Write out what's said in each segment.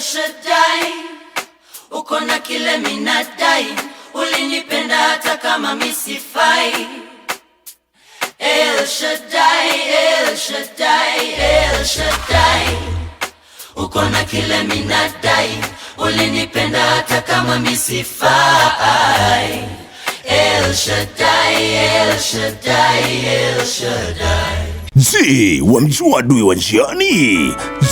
Elshadai, uko na kile minadai, ulinipenda hata kama misifai. Elshadai, Elshadai, Elshadai, uko na kile minadai, ulinipenda hata kama misifai. El El Elshadai, El Elshadai Je, wamjua adui wa njiani?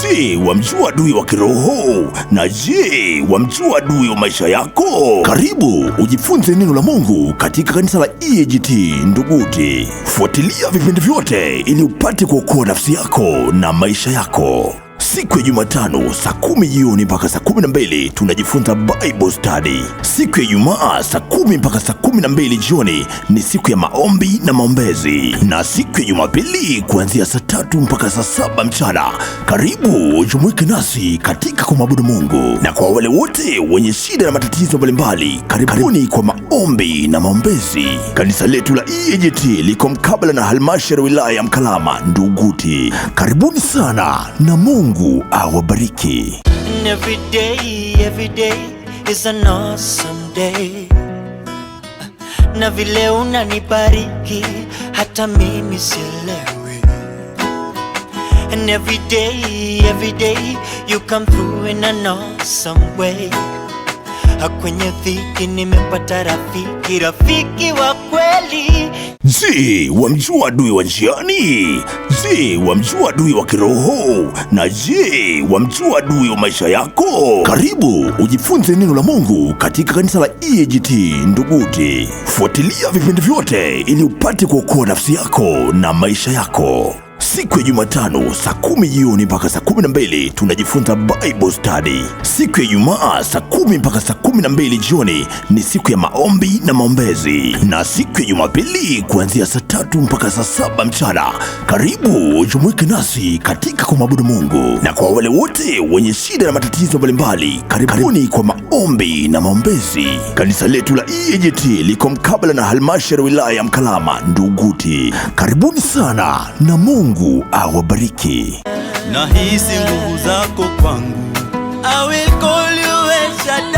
Je, wamjua adui wa kiroho? Na je, wamjua adui wa maisha yako? Karibu ujifunze neno la Mungu katika kanisa la EAGT Nduguti. Fuatilia vipindi vyote ili upate kuokoa nafsi yako na maisha yako siku ya Jumatano saa kumi jioni mpaka saa kumi na mbili tunajifunza Bible study. Siku ya Ijumaa saa kumi mpaka saa kumi na mbili jioni ni siku ya maombi na maombezi, na siku ya Jumapili kuanzia saa tatu mpaka saa saba mchana. Karibu jumuike nasi katika kumwabudu Mungu, na kwa wale wote wenye shida na matatizo mbalimbali, karibuni kwa maombi na maombezi. Kanisa letu la EAGT liko mkabala na halmashauri ya wilaya ya Mkalama Nduguti. Karibuni sana na Mungu Mungu awabariki. Every day, every day is an awesome day. Na vile unanibariki hata mimi sielewi. And every day, every day you come through in an awesome way kwenye dhiki nimepata rafiki, rafiki wa kweli. Je, wamjua adui wa njiani? Je, wamjua adui wa kiroho? Na je, wamjua adui wa maisha yako? Karibu ujifunze neno la Mungu katika kanisa la EAGT Nduguti. Fuatilia vipindi vyote ili upate kuokoa nafsi yako na maisha yako. Siku ya Jumatano saa kumi jioni mpaka saa kumi na mbili tunajifunza Bible study. Siku ya Ijumaa saa kumi mpaka saa kumi na mbili jioni ni siku ya maombi na maombezi, na siku ya Jumapili kuanzia saa tatu mpaka saa saba mchana. Karibu jumuike nasi katika kumwabudu Mungu, na kwa wale wote wenye shida na matatizo mbalimbali, karibuni kwa ma maombi na maombezi. Kanisa letu la EAGT liko mkabala na halmashauri wilaya ya Mkalama Nduguti. Karibuni sana na Mungu awabariki. Nahisi nguvu zako kwangu awikoliwesha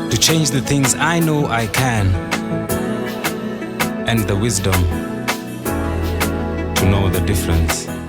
to change the things I know I can, and the wisdom to know the difference.